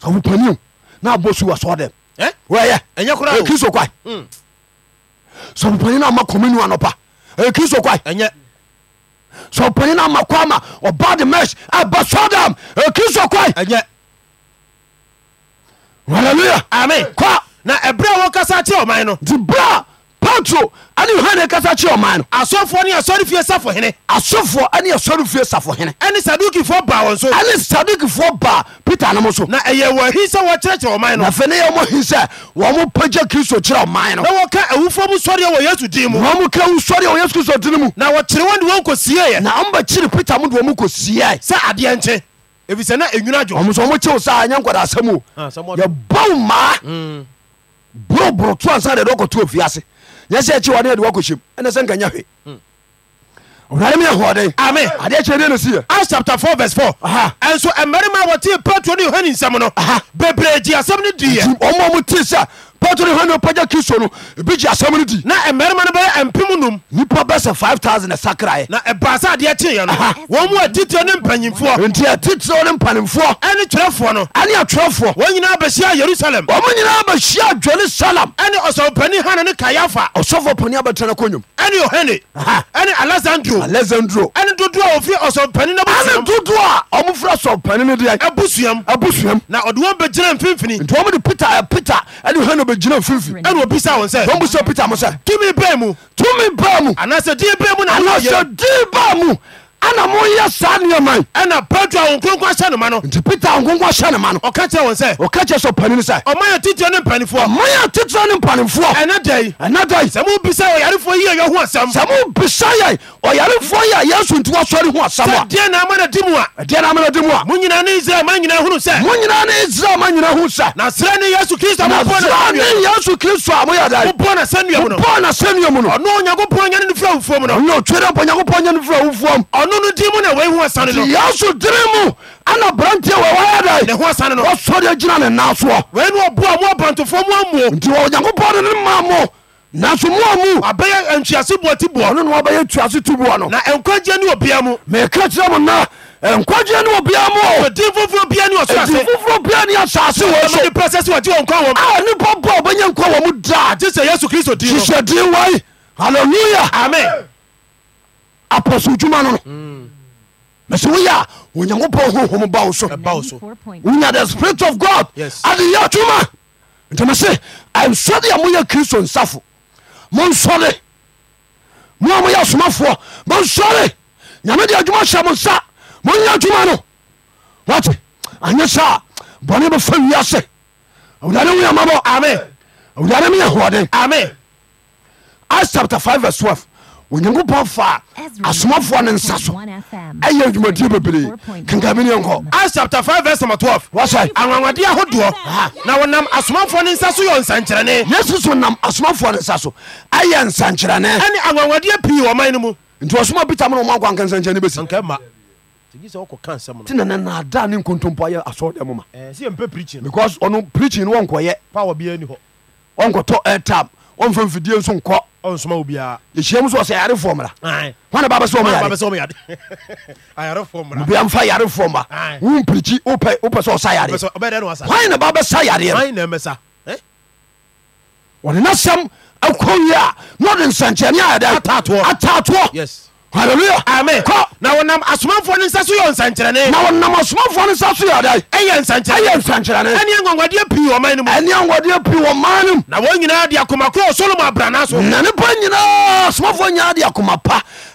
sɔfo pani na abɔ su wasɔ dɛm eh? wɔyɛ ɛnyɛ So kristo kwae hmm. sɔfo pani no ama kɔmenu anɔpa Eh, ki so kwa eh, ɛnyɛ sɛ ɔpani no amakɔ ama ɔba de mech abasodam aki sokwai ɛnyɛ aleluja amen kɔ na ɛberɛ wɔkasa keɛ ɔman no bra patro ane yohane kasa kye na no asɔfoɔ ne asɔre fie safo hene asɔfoɔ ane asɔre fie safo hene ɛne sadukifoɔ baa wɔn so ɛne sadukifoɔ baa peter nom so na ɛyɛ wɔ ahi sɛ wɔkyerɛkyerɛ ɔman no ne yɛ hi sɛ wɔn mo pagya kristo kyerɛ ɔman no na wɔka awufoɔ mu sɔreɛ wɔ yesu din mu wɔn mo ka na wɔkyere wɔn de wɔn kɔ sieɛ na peter de wɔn kɔ sieɛ na adwo so kyew ah, nkɔda asɛm o yɛ bɔn maa ansa de yɛsɛ akyi wɔde ade wakɔhyɛm ɛnɛ sɛ nkanya hwe ɔwurade meyɛ hoɔden ame adeɛ kyerɛ deɛ no siyɛ acts chapter four verse 4 ɛnso mmarima a wɔtee petro ne yohane nsɛm no bebree gye asɛm no diiɛ ɔma mu tee sɛ bɛto ne hane pagya kristo no ebi gye asɛm no di na mmarima no bɛyɛ mpem nom nnipa bɛsɛ 5000 ɛsakraɛ na ɛbaa sɛ adeɛ kyeeɛ no wɔn mu atitire ne mpanyimfoɔ enti atitire ne mpanimfoɔ ɛne twerɛfoɔ no ɛne atwerɛfoɔ wɔn nyinaa bɛhyia yerusalem wɔn nyinaa bɛhyia jerusalem ɛne ɔsɔmpani hana ni kayafa ɔsɔfoɔ pani abɛtena no kɔ nwom ɛne yohane ɛne alexandro alexandro ɛne dodoɔ a ɔfiri ɔsɔmpani no ɛne dodoɔ a ɔmofra sɔmpani no deɛ abusuam abusuam na ɔde wɔn bɛgyina mfimfini nti wɔmde peter peter ɛne yohane bɛgyina mfimfini ɛne ɔbisa wɔn sɛ wɔmbu sɛ peter mo sɛ tumi bɛɛ mu tumi bɛɛ mu anaasɛ din bɛɛ mu na anaasɛ din bɛɛ mu ana moyɛ saa nneɛma ɛna petro a onkonko ahyɛ noma no nti peter onkonko ahyɛ noma no ɔka kyerɛ wɔn sɛ ɔka kyerɛ sɛ ɔpani no sɛ ɔma yɛ titire ne mpanifoɔ ɔma yɛ titire ne mpanifoɔ ɛnɛ dɛi ɛnɛ dɛi sɛ mobisa yɛ ɔyarefoɔ yi yɛ ho asɛm sɛ mobisa yɛ ɔyarefoɔ yi a yɛsu nti wɔsɔre ho asɛm a deɛ na ama na di mu a deɛ na ama na di mu a mo nyinaa ne israel ma nyinaa hunu sɛ mo nyinaa ne israel ma nyinaa hunu sɛ na serɛ ne yesu kristo mobɔ ne yesu kristo a moyɛ dɛ ɔno no din mu na wɔi ho asane no yesu diri mu ana brantiɛ wɔwayɛ da ne ho asane no wɔsɔre agyina ne na soɔ wɔi ne ɔboa mo abantofoɔ mo amuo nti wɔ onyankopɔn ne ne ma mo nanso mu a mu abɛyɛ ntuase boɔ te boɔ ɔno na wɔbɛyɛ ntuase to boɔ no na nkwagyeɛ ne ɔbia mu meka kyerɛ mo na nkwagyeɛ ne ɔbia mu o din foforɔ bia ne ɔsodin foforɔ bia ne asase wɔ so ne pɛ sɛ sɛ wɔgye wɔ nkwa wɔ m nipa bɔ ɔbɛnya nkwa wɔ mu daa gye sɛ yesu kristo din no hyehyɛ din wai halleluya amen apɔso dwuma no no mɛsɛ mm. woyɛ a onyankopɔn hohom ba wo so wonya the spirit of god ade yɛ adwuma nti mese ɛnsɔde a moyɛ kristo nsafo monsɔre mo a moyɛ asomafoɔ monsɔre nyame de adwuma hyɛ mo nsa monyɛ adwuma no wat anyɛ sɛ a bɔne bɛfa wiase awurade woyɛ mabɔ amen awurade meyɛ hoɔden amen acts chapter 5 verse 12 onyankopɔn faa asomafoɔ no nsa so ɛyɛ adwumadie bebree kenkaminɛnkɔ as chapter 5 vs 12 wɔsɛ anwanwadeɛ ahodoɔ na wɔnam asomafoɔ no nsa so yɛ nsɛnkyerɛne yesu so nam asomafoɔ no nsa so ɛyɛ nsɛnkyerɛne ɛne anwanwadeɛ pii wɔ man no mu nti ɔsoma bita mu na ɔma akwanka nsɛnkyerɛne bɛsi ti nana naadaa ne nkontompo ayɛ asɔrdɛ mu ma eh, because ɔno preaching no wɔnkɔyɛ ɔnkɔtɔ airtime ɔmfa mfidie nso nkɔ ɔnsoma obiaa yɛhyia mu so ɔsɛ yarefoɔ mmara hwane ba bɛsɛ ɔmyarobia mfa yarefoɔ mba wompirikyi wopɛ sɛ ɔsa yareɛ hwan na ba bɛsa yareɛ ɔne na sɛm akɔwie a na ɔde nsɛnkyɛne ayɛdɛ Yes hallelujah amen kɔ na wɔnam asomafoɔ no nsa so yɛ nsɛnkyerɛnne na wɔnam asomafoɔ no nsa so yɛ ɔdɛ ɛyɛ nsɛnkyerɛnne ɛyɛ nsɛnkyerɛnne ɛne anwanwadeɛ pii wɔ man no mu ɛne anwanwadeɛ pii wɔ man no mu na wɔn nyinaa de akoma korɔ solomon abrana so na nipa nyinaa asomafoɔ nyinaa de akoma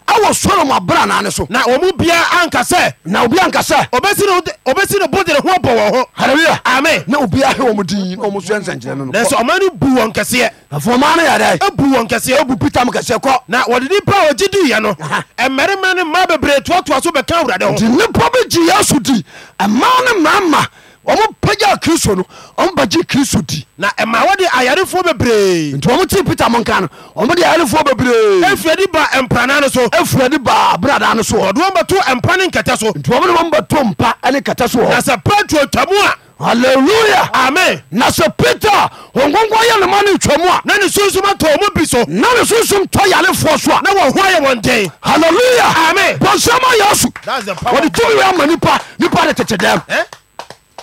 awɔ solomo abrana ne so na ɔmu bia anka sɛ na obi anka sɛ obɛsi no bode ne ho bɔ wɔ ho Hallelujah. amen na obia hwɛ wɔn din na wɔn soɛ nsɛnkyerɛnne no nanso ɔma no bu wɔn kɛseɛ afɔmaa no E bu wɔn kɛseɛ ebu peter mu kɛseɛ kɔ na wɔde nipa a wɔgye di yɛ no mmarima ne mmaa bebree toatoa so bɛka awurade ho nti nipa bi gye yɛ so di mmaa ne mmarima ɔmo pagya kristo no ɔmo bagye kristo di na ɛma di ayarefoɔ bebree nti ɔmo te peter mo nka no ɔmo de ayarefoɔ bebree efiade ba mprana no so efiade ba abrada no so ɔde wɔn bɛto mpa ne nkɛtɛ so nti ɔmo de wɔn bɛto mpa ne kɛtɛ so na sɛ petro twamu a hallelujah amen na sɛ peter honkonkɔ yɛ ne ma ne twamu a na ne sunsum atɔ ɔmo bi so na ne sunsum tɔ yarefoɔ so a na wɔn ho ayɛ wɔn den hallelujah amen bɔnsɛm ayɛ so wɔde tumi wɛ ama nipa nipa de tete dɛm eh?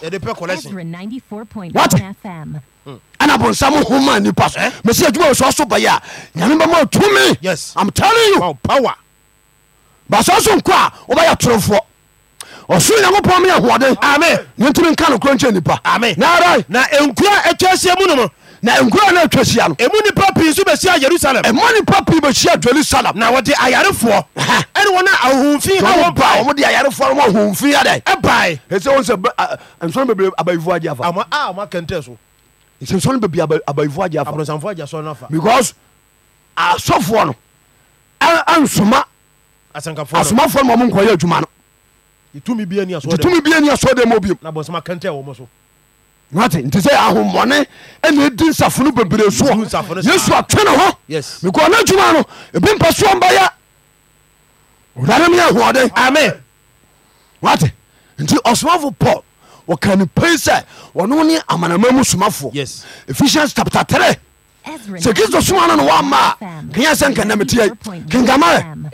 yɛde pɛ collection what ɛna bonsam homa nipa so mɛsɛ adwuma wɔ aso bɛyɛ a nyame bɛma tumi yes i'm telling you power baso so nko a wobɛyɛ torofoɔ ɔsoro nyankopɔn meyɛ hoɔden ame ne ntimi nka no korɔ nkyɛ nipa ame na ara na nkura atwa ahyia mu no na nkura no atwa hyia no ɛmu nipa pii nso bɛhyia yerusalem ɛma nipa pii bɛhyia jerusalem na wɔde ayarefoɔ ɛne wɔn a ahohomfi a wɔba wɔmde ayarefoɔ no ahohomfi adɛ ɛbae ɛsɛ wɔn sɛ nsɔn bebree abayifoɔ agye afa ama a ɔma kɛntɛ so ɛsɛ nsɔn bebree abayifoɔ agye afa aborosanfoɔ agye asɔn nafa because asɔfoɔ no ansoma asomafoɔ no ma ɔmo nkɔyɛ adwuma no tumi bia ni asɔdɛ mu biom na bɔnsɛm akɛntɛ wɔ mo so nti sɛ ahommɔne ɛne ɛdi nsafo no bebree soɔ yesu atwene ho mekɔ ne adwuma no ebi mpɛ soɔ mbɛyɛ owurade meyɛ ahoɔden amen wate nti ɔsomafo paul wɔka ne pei sɛ wɔno ne amanama mu somafoɔ ephesians chapter 3 sɛ kristo soma no no wɔammaa kɛyɛ sɛ nkɛnɛmeteai kenkama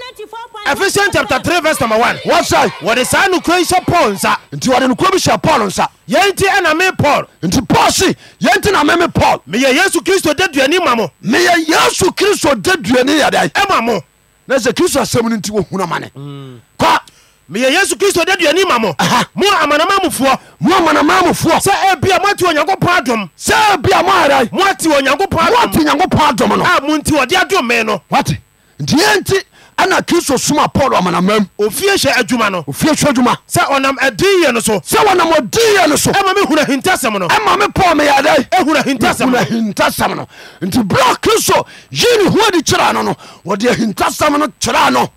ephesians chapter 3 verse number 1 wɔsɛe wɔde saa nokura yi hyɛ paul nsa nti wɔde nokura bi hyɛ paul nsa yɛnti ɛna me paul nti paul se yɛnti na meme paul meyɛ yesu kristo da duani ma mo meyɛ yesu kristo da duani yɛdɛ ɛma mo na sɛ kristo asɛm no nti wɔhunu ama ne hmm. kɔ meyɛ yesu kristo da duani ma mo mo amanama mufoɔ mo amanama mufoɔ sɛ ebia moate onyankopɔn adom sɛ ebia mo ara moate onyankopɔn moate onyankopɔn adom no a mo nti wɔde adom me no wate ntiɛ nti ɛna kristo soma paul amanamam ofie hyɛ adwuma no ofie hyɛ adwuma sɛ ɔnam ɛdeyɛ no so sɛ wɔnam ɔdeyɛ no so ɛma mehunu ahintasɛm no ɛma me paul meyɛdɛ ɛhunu ahintasɛm ahintasɛm no nti berɛ a kristo yi ne ho adi kyerɛ no no wɔde ahintasɛm no kyerɛ no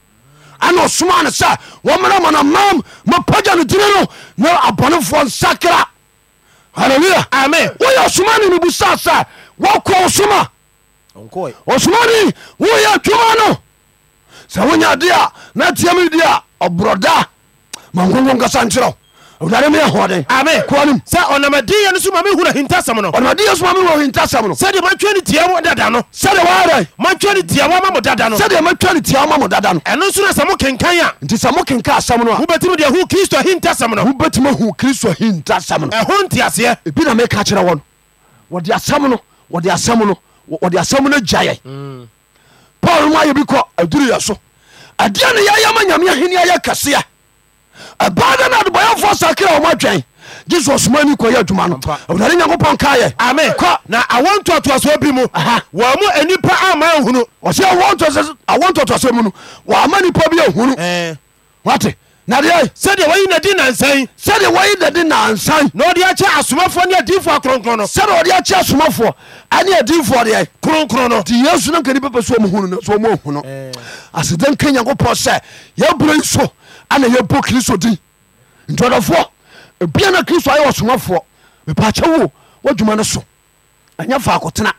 ɛna ɔsoma no sɛ wɔmmra amanamam mapagya no dine no na abɔnefoɔ nsakra halleluya amen woyɛ ɔsoma ne mebusa sɛ wɔkɔ ɔsoma ɔsoma de woyɛ twoma no sɛwoya de a natiamdi a brɔdaaaakɛ m kenasɛm wɔde asɛm no gyayɛ paul ma ayɛ bi kɔ aduruyɛ so adeɛ ne yɛyɛma nyame ahene ayɛ kɛseɛ ɛbaa da no adebɔyɛfoɔ sakra wɔma atwɛn gye ɔsoma ni kɔyɛ adwuma no awurade nyankopɔn kaayɛ ame kɔ na awɔ bi mu wɔ mu anipa ama ahunu ɔsɛ awɔ mu no wɔama nipa bi ahunu wate nadeɛ sɛdeɛ wɔyi nadi nansan sɛdeɛ wɔyi nadi nansan na ɔde akyɛ asomafoɔ ne adiifoɔ akronkron no sɛdeɛ ɔde akyɛ asomafoɔ ɛne adinfoɔ deɛ kronkron no nti yesu no nka nipa pɛ sɛ ɔmuhunu no sɛ ɔmu ahu no eh. asɛdɛ nka nyankopɔn sɛ yɛbrɛ yi so ana yɛbɔ kristo din nti ɔdɔfoɔ ebia na kristo ayɛ ɔsomafoɔ mepaakyɛ wo woadwuma no so ɛnyɛ faakotena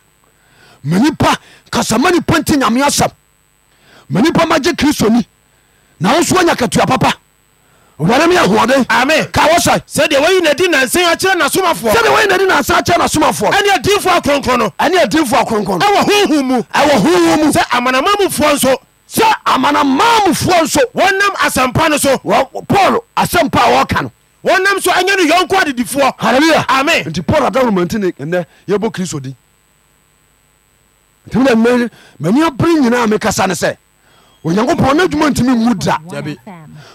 ma nipa kasa ma nipa nti nyame asɛm ma magye kristo ni na wo anya katua papa wurade mi yɛ ahoɔden. ami kawo sɛ. sɛdeɛ wɔyi na di nansan akyerɛ nasomafoɔ. sɛdeɛ wɔyi na di nansan akyerɛ nasomafoɔ. ɛni ɛdinfo akonkon no. ɛni ɛdinfo akonkon no. ɛwɔ huhun mu. ɛwɔ huhun mu. sɛ amanamamufoɔ nso. sɛ amanamamufoɔ nso. wɔnam asampa no so. wɔ paul asampa a wɔka no. wɔnam so ɛnyɛ no yɔnko adidifoɔ. hallelujah ami. nti paul adamu manti ne ɛnɛ yɛbɔ kristo di. nti mi na mɛ mɛ ni abiri nyinaa mi kasa onyankopɔn ne adwuma ntimi wu da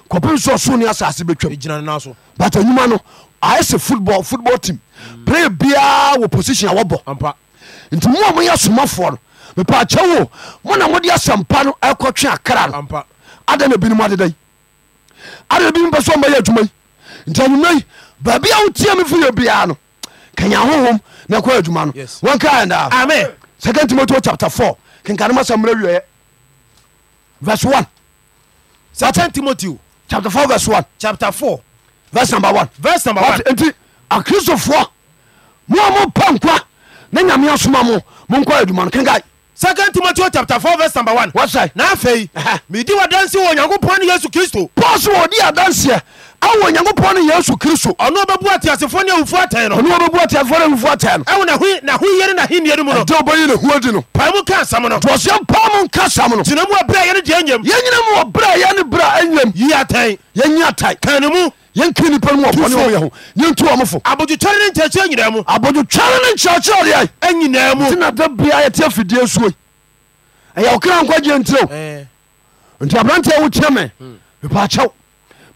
kɔpem so ɔsone asase bɛtwam but anwuma no ayɛ sɛ football football team hmm. player biara wɔ position a wɔbɔ nti mo a moyɛ asomafoɔ no mepaakyɛ wo mo na mode asɛmpa no ɛkɔtwe akra no ada na binom adeda yi ada na binom pɛ sɛ ɔmɛyɛ adwuma yi nti anwuma yi baabi a wotia me firi biara no kanya honhom na ɛkɔ adwuma no wɔnkaɛndaa 2 timoteo chapter 4 kenkanema sɛ mmerɛ 1 tinti akristofoɔ moa mo pa nkwa ne nyamea soma mo monkwa a adwuma no knkae ti nafei medi wadanseɛ wɔ nyankopa ne yesu kristo po so wɔ di adanseɛ awɔ onyankopɔn no yesu kristo ɔno bɛbu ateasefoɔ ne awufo atɛn no ɔno bɛbu ateasefoɔ ne awufo atɛn no ɛwo naho yere nahenniɛ no mu no ɛdɛ wobɛyi ne ho adi no pae mu ka asɛm no dɔsɛ paa mu nka asɛm no gyina mu wɔ berɛ yɛ no deɛ anyam yɛnyina mu wɔ berɛ yɛ ne berɛ anyam yi atɛn yɛnyi atɛn ka ne mu yɛnka nipa no wɔpɔne wɔyɛ ho yɛntu wɔ mofo abodwotware ne nkyerɛkyerɛ nyinaa mu abodwotware ne nkyerɛkyerɛ deɛ anyinaa mu ntina da bia yɛte afidie suo ɛyɛ wo kra nkwagye ntiro nti aberanteɛ wotia me hmm. mepaakyɛw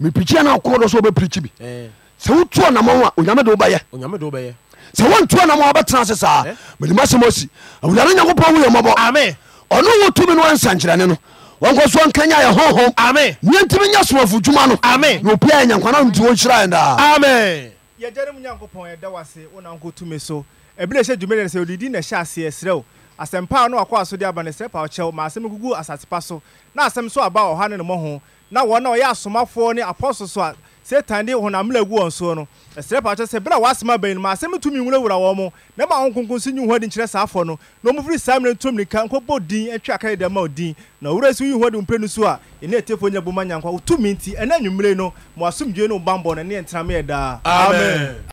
mepikyi na koro do so wobɛpirikyi bi eh. sɛ wotuo namɔ a onyame de wobɛyɛ sɛ wontuo namɔ wobɛtena ase saa eh. medema sɛm asi awurade nyankopɔn woyɛmmɔbɔ ɔno wɔ tumi no wansankyerɛne no wɔnkɔ so nkanya yɛ honhom neantimi nya somafo dwuma no na obiaa no, nti wɔnhyira ɛ daa yɛgyanom nyankopɔn ɛda wase wo nanko tumi so ɛbile hyɛ dwumadi sɛ odidi na ɛhyɛ aseɛ serɛ wo asɛmpa a no wakɔ aso de aba ne srɛ pa ɔkyɛw ma asɛm gugu asase pa so na asɛm so aba ɔha ne ne mmɔ na wɔn a ɔyɛ asomafoɔ ne apostles a satan de honam la gu wɔn so no ɛsrɛ pa kyɛ sɛ bere a wɔasoma bɛn no asɛm tumi nwurawura wɔn mo na ma wɔn nkonko si nyi hɔ de nkyerɛ saa afɔ no na wɔn firi saa mmerɛ ntom nika nkɔbɔ din atwa aka yɛda ma din na wura si nyi hɔ de mpɛ no so a ɛne ɛtɛfo nya boma nyankwa wotumi nti ɛna anwummere no mo asomdwe ne wo bambɔ no ne amen